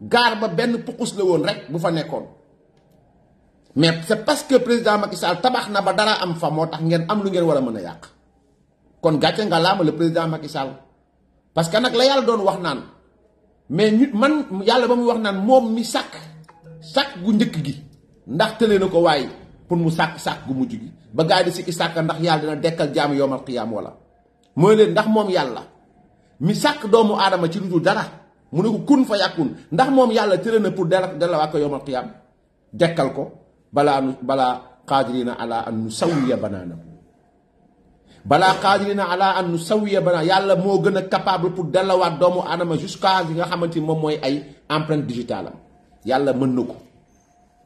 gaar ba benn pukus la woon rek bu fa nekkoon mais c'est parce que président Macky tabax na ba dara am fa moo tax ngeen am lu ngeen war a mën a yàq kon gàcce nga laama le président Macky Sall parce que nag la yàlla doon wax naan mais ñu man yàlla ba mu wax naan moom mi sàkk sàkk gu njëkk gi ndax tëlee na ko waaye pour mu sàkk sàkk gu mujj gi ba gaa yi di sikki sàkk ndax yàlla dina dekkal jaam yoomal xiyaam wala mooy leen ndax moom yàlla mi sàkk doomu aadama ci lu dara mune ko kun fa yakun ndax mom yalla tere na pour dela delaw ak yowal qiyam dekkal ko bala bala qadirina ala an nusawiya banana, bala qadirina ala an nusawiya bana yalla mo gëna capable pour delawat doomu adama jusqu'à yi nga xamanteni moom moy ay empreinte digitale yalla yàlla mën na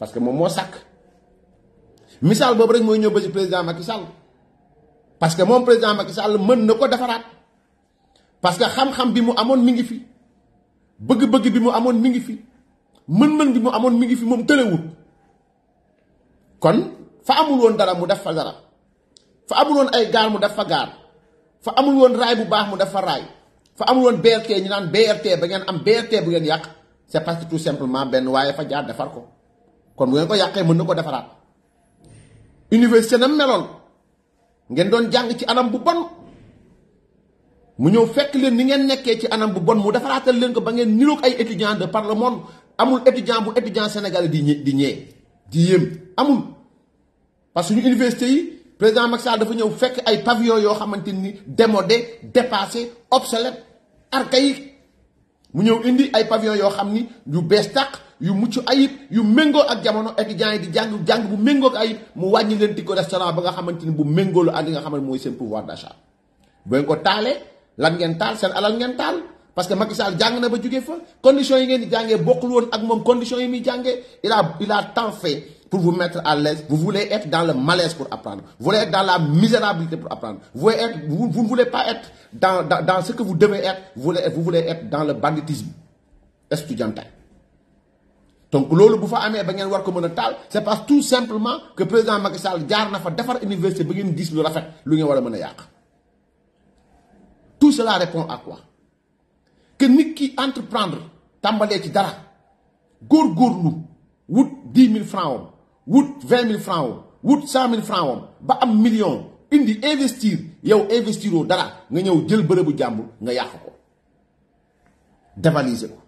parce que mom mo sak misal bobu rek moy ñëw ba ci président Macky Sall parce que mom président Macky Sall mën na parce que xam-xam bi mu amone mi ngi fi bëgg-bëgg bi mu amoon mi ngi fi mën-mën bi mu amoon mi ngi fi moom tëlewut kon fa amul woon dara mu def fa dara fa amul woon ay gaar mu def fa gaar fa amul woon raay bu baax mu def fa raay fa amul woon BRT ñu naan BRT ba ngeen am BRT bu ngeen yàq c'est parce que tout simplement benn waaye fa jaar defar ko kon bu ngeen ko yàqee mën na ko defaraat université na meloon ngeen doon jàng ci anam bu bon mu ñëw fekk leen ni ngeen nekkee ci anam bu bon mu defaraatal leen ko ba ngeen niroog ay étudiant de par le monde amul étudiant bu étudiant sénégalais di ñe di ñee di yem amul parce que ñu université yi président Macky Sall dafa ñëw fekk ay pavillon yoo xamante ni démodé dépassé obsolète archaïque mu ñëw indi ay pavillon yoo xam ni yu bees tàq yu mucc ayib yu méngoo ak jamono étudiant yi di jàng jàng bu méngoo ayib mu wàññi leen di ko restaurant ba nga xamante ni bu méngoo lu ak nga xam ne mooy seen pouvoir d' achat bu ko taalee lan c'est taal seen alal ngeen parce que Macky Sall jàng na ba jóge fa condition yi ngeen jàngee bokkul woon ak conditions yi muy jàngee il a il a tant fait pour vous mettre à l'aise vous voulez être dans le malaise pour apprendre vous voulez être dans la misérabilité pour apprendre vous voulez vous ne voulez pas être dans dans ce que vous devez être vous voulez vous voulez être dans le banditisme estudiantin. donc loolu bu fa amee ba ngeen war ko mën a c'est parce tout simplement que président Macky Sall jaar na fa defar université ba ngeen gis lu rafet lu ngeen war a mën a tout cela répond à quoi que nous qui entreprendre tambalé ci dara nous, 10 10 000 francs Wout 20 000 francs Wout 100 000 francs million indi investir yow investiroo dara nga ñëw jël nga dévaliser ko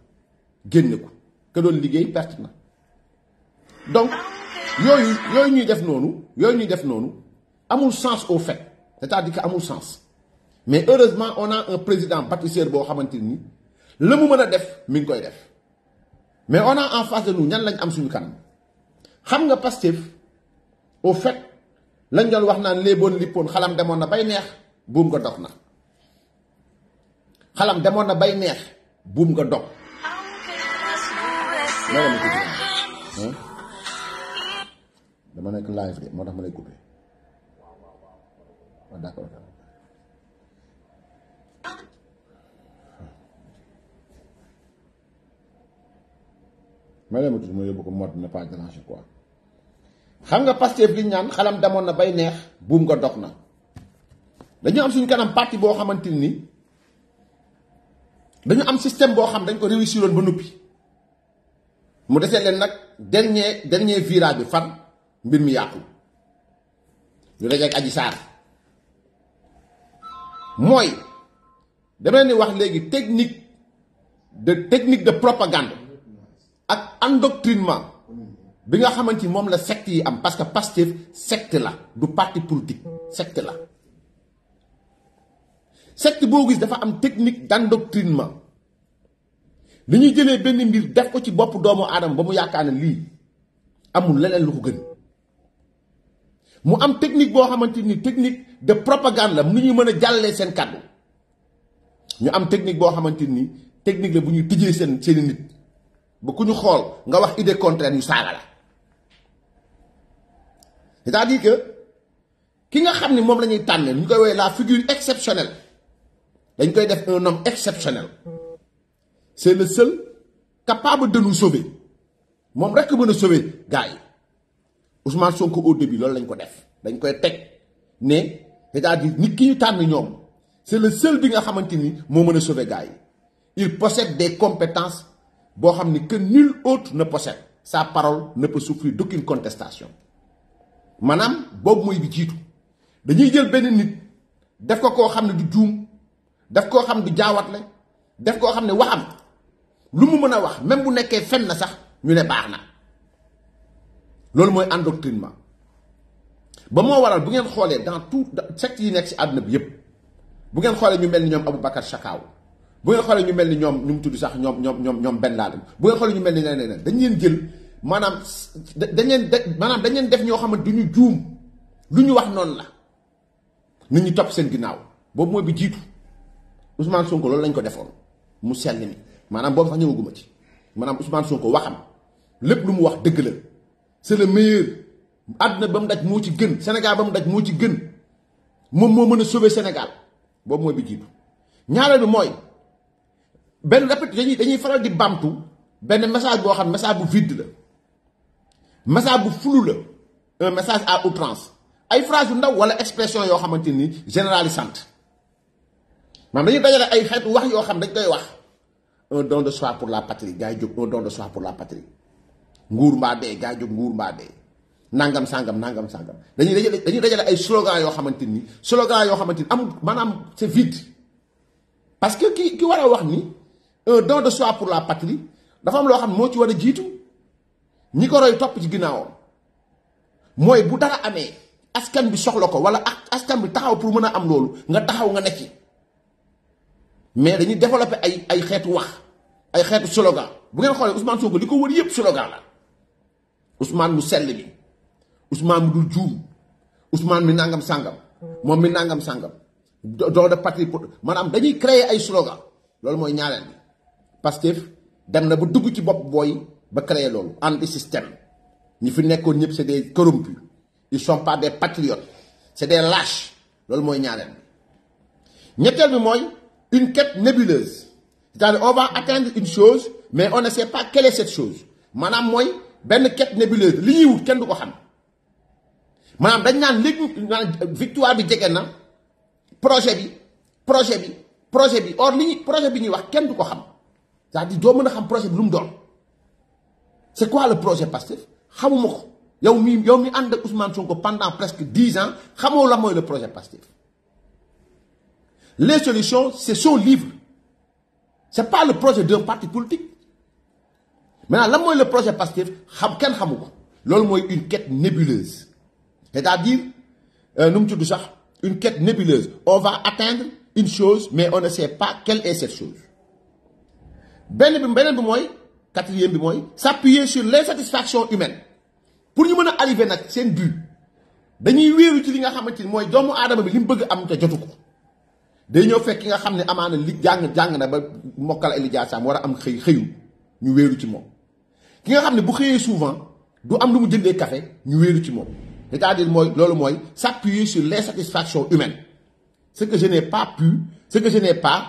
génne ko ka doon liggéey donc yooyu yooyu ñuy def ñuy sens au fait c'est-à-dire que amul sens mais heureusement on a un président bâtisseur bo xamante le mu meuna def mi ngi koy def mais on a en face de nous ñan lañ am suñu kan xam nga Pastef au fait lañ doon wax naan bonnes lippoon xalam demoon na bay neex buum ko dog na xalam demoon na bay neex buum ko dog hein? dama nek live de moo tax ma lay couper wa ah, d'accord may leen ma tudd ma ko ne pas déranger quoi xam nga pasteur li ñaan xalam demoon na bay neex buum ko dox na dañu am suñu kanam parti bo xamanteni ni dañu am système bo xam dañ ko réussir won ba noppi mu déssé len nak dernier dernier virage bi fan mbir mi yaqku ñu dajé ak saar moy dama ni wax légui technique de technique de propagande endoctrinement bi nga xamante mom la secte yi am parce que Pastef secte la du parti politique secte la secte bo gis dafa am technique d'endoctrinement endoctrinement li ñuy jëlee benn mbir def ko ci bop doomu adam ba mu yaakaar li amul leneen lu ko gën mu am technique bo xamanteni ni technique de propagande la nu ñuy mëna jallé sen cadeau ñu am technique bo xamanteni ni technique la bu ñuy tijjee sen sen nit bu ñu xool nga wax idée contraire ñu saaga la c'est-à-dire que ki nga xam ni moom la ñuy tànnee ñu koy woowee la figure exceptionnelle dañ koy def un homme exceptionnel c'est le seul capable de nous sauver moom rek mën a sauver gars yi Ousmane Sonko au début loolu lañ ko def dañ koy teg ne c'est-à-dire nit ki ñu tànn ñoom c'est le seul bi nga xamante ni moo mën a sauver gars yi il possède des compétences boo xam que nul autre ne possède sa parole ne peut souffrir d'aucune contestation maanaam Bob mooy bi jiitu dañuy jël benn nit def ko ko xam ne du juum def ko xam du jawat la def ko xam waxam lu mu mën wax même bu nekké fenn la sax ñu ne baax lool moy endoctrinement ba moo waral bu ngeen xolé dans tout secte yi nekk ci aduna bi yépp bu ngeen xolé ñu melni ñom Abou Aboubacar Chakaw bu nga ñu mel ni ñoom ñu mu tudd sax ñoom ñoom ñoom ñoom benn laal bu nga xoolee ñu mel ni nee na dañ leen jël maanaam dañ leen maanaam dañ leen def ñoo xamante du ñu juum lu ñu wax noon la nit ñu topp seen ginnaaw boobu mooy bi jiitu Ousmane Sonko loolu lañ ko defoon mu sell ni maanaam boobu ñëwaguma ci maanaam Ousmane Sonko waxam lépp lu mu wax dëgg la c'est le meilleur àdduna ba mu daj moo ci gën Sénégal ba mu daj moo ci gën moom moo mën a sauver Sénégal boobu mooy bi jiitu ñaareel bi mooy. ben répété dañuy dañuy faral di bamtu un message xam message bu vide la message bu flou un message à outrance ay phrase yu ndaw wala expression yo généralisante man dañuy dajale ay wax yo xam dañ koy un don de soi pour la patrie jog un don de soi pour la patrie nguur ma de nangam sangam nangam sangam dañuy dajale ay slogan yo xamanteni slogan yo xamanteni c'est vide parce que ki ki war ni. un don de soi pour la patrie dafa am loo xam moo ci war a jiitu ñi ko roy topp ci ginnaawam bu dara askan bi soxla ko wala askan bi taxaw pour mën a am lolu nga taxaw nga nekk mais dañuy développer ay ay xeetu wax ay xeetu slogan bu ngeen Usman Ousmane Sonko li ko wër yëpp slogan la Ousmane mu sell bi Ousmane mu dul juum Ousmane mi nangam sangam moom mi nangam sangam don de patrie pour dañuy créer ay slogan loolu mooy ñaareel Pastef dem na ba dugg ci bopp booy ba créer loolu anti système ñi fi nekkoon ñëpp c'est des corrompus ils sont pas des patriotes c'est des lâches loolu mooy ñaareel bi ñetteel bi mooy une quête nébuleuse c'est-à-dire on va atteindre une chose mais on ne sait pas quelle est cette chose maanaam mooy benn quête nébuleuse li ñuy wut kenn du ko xam maanaam dañ naan naan victoire bi jege na projet bi projet bi projet bi or li ñuy projet bi ñuy wax kenn du ko xam c'est-à-dire xam projet de c'est quoi le projet pastif Je y yow mi yow mi ànd Ousmane Sonko pendant presque 10 ans xamoo la mooy le projet pastif. les solutions c'est son livre Ce n'est pas le projet d'un parti politique maintenant la est le projet pastif xam ne sais ko C'est une quête nébuleuse c'est-à-dire euh, nous une quête nébuleuse on va atteindre une chose mais on ne sait pas quelle est cette chose benn bi beneen bi mooy quatrième bi mooy s'appuyer sur l'insatisfaction humaine pour ñu mën a arriver nag seen but dañuy wéeru ci li nga xamante ni mooy doomu aadama bi li mu bëgg am te jotu ko day ñëw fekk ki nga xam ne amaana li jàng jàng na ba mokkal ay lijaasaam war a am xëy xëyu ñu wéeru ci moom ki nga xam ne bu xëyee souvent du am lu mu jëndee café ñu wéeru ci moom c'est-à-dire mooy loolu mooy s'appuyer sur l'insatisfaction humaine ce que je n'ai pas pu ce que je n'ai pas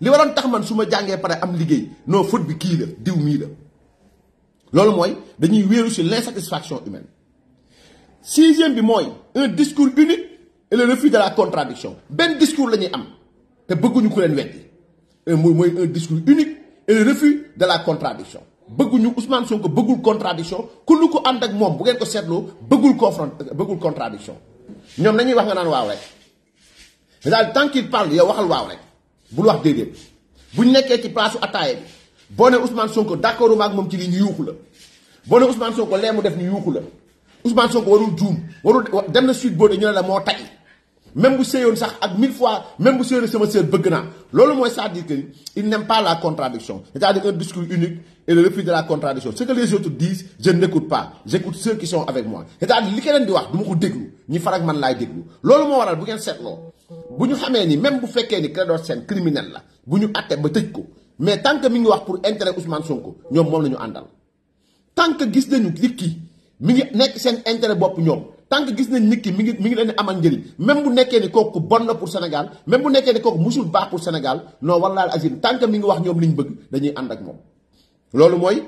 li waroon tax man suma jangé paré am liggéey no foot bi ki la diw mi la loolu moy dañuy wéeru sur l'insatisfaction humaine sixième bi moy un discours unique et le refus de la contradiction Ben discours lañuy ñuy am te bëgguñu ko leen Un moy moy un discours unique et le refus de la contradiction bëgguñu Ousmane Sonko bëggul contradiction ku lu ko and ak mom bu ngeen ko sétlo bëggul confront bëggul contradiction ñom nañuy wax nga naan waaw rek mais tant qu'il parle ya waxal waaw rek bu wax déedéet buñ nekkee ci place su ataaya bi boo Ousmane Sonko d'accord mak mom ci li ñu yuuxu la boo ne Ousmane Sonko lému def ni yuuxu la Ousmane Sonko warul juum warul dem na suite boo ñu la mo tay même bu seeyoon sax ak mille fois même bu seeyoon sama sœur bëgg na lolu moy ça dit dire que il n'aime pas la contradiction c'est-à-dire un discours unique et le refus de la contradiction ce que les autres disent je n'écoute pas j'écoute ceux qui sont avec moi c'est-à-dire li keneen di wax duma ko déglu ñi farag man lay déglu lolu mo waral bu gene seetloo buñu ñu ni même bu féké ni Clédor sen criminel la buñu ñu ba tejj ko mais tant que mi ngi wax pour intérêt Ousmane Sonko ñom mom lañu andal tant que gis nañu nit ki mi ngi nekk sen intérêt bop ñom tant que gis nañ nit ki mi ngi mi ngi leen amal njëriñ même bu nekké ni koku bon la pour Sénégal même bu nekké ni koku musul baax pour Sénégal non wallaal azim tant que mi ngi wax ñom liñ bëgg dañuy and ak mom lolu moy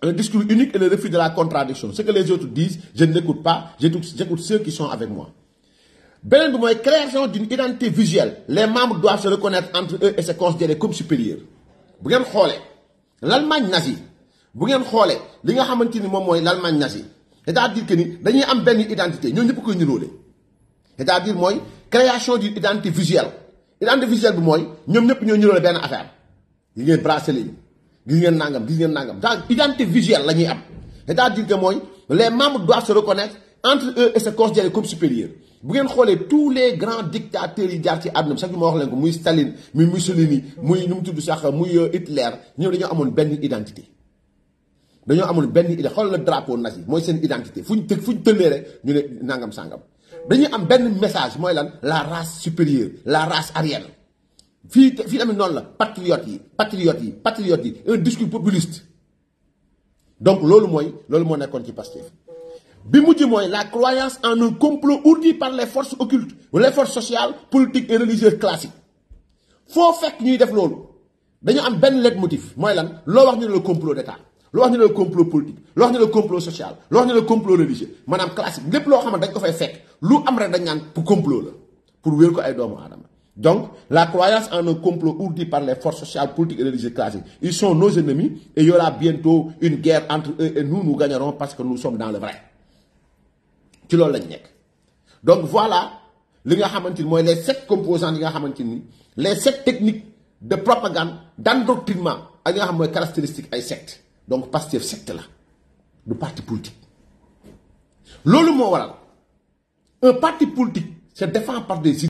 un discours unique et le refus de la contradiction ce que les autres disent je n'écoute pas j'écoute ceux qui sont avec moi beneen bi mooy création d'une identité visuelle les membres doivent se reconnaître entre eux et se considérer comme supérieurs bu ngeen xoolee l'Allemagne nazi. bu ngeen xoolee li nga xamante ni moom mooy l'Allemagne nazi. c'est-à-dire que ni dañuy am benn identité ñoo ñëpp koy niroole c'est-à-dire mooy création d'une identité visuelle identité visuelle bi mooy ñoom ñëpp ñoo niroole benn affaire gis ngeen bracelet yi gis ngeen nangam gis ngeen nangam dans identité visuelle la ñuy am c'est-à-dire que mooy les membres doivent se reconnaître entre eux et se considérer comme supérieurs bu ngeen xoolee tous les grands dictateurs yi jaar ci àdduna bi sax ma wax leen ko muy Staline muy Mussolini muy nu mu tudd sax muy euh, Hitler ñoom dañoo amoon benn identité. dañoo amoon benn idée xool la drapeau nazi mooy seen identité fuñ ñu tëg fu ñu tëlee rek ñu ne nangam sangam dañuy am benn message mooy lan la race supérieure la race aryenne. fii fii tamit noonu la patriote yi patriote yi patriote yi un discours populiste donc loolu mooy loolu moo nekkoon ci Pastef bi mujj la croyance en un complot ourdi par les forces occultes les forces sociales politiques et religieuses classiques foo fekk ñuy def loolu dañu am y a motif mooy lan loo wax le complot d'état loo wax le complot politique loo wax le complot social loo wax le complot religieux Madame classique Les plans xam ne dañ ko fay pour complot pour le ko ay doomu donc la croyance en un complot ourdi par les forces sociales politiques et religieuses classiques ils sont nos ennemis et il y aura bientôt une guerre entre eux et nous nous gagnerons parce que nous sommes dans le vrai lañ donc voilà li nga les sept composants nga les sept techniques de propagande d'endoctrinement caractéristiques à nga xam mooy caractéristique ay secte donc pasteur la du parti politique loolu moo un parti politique se défend par des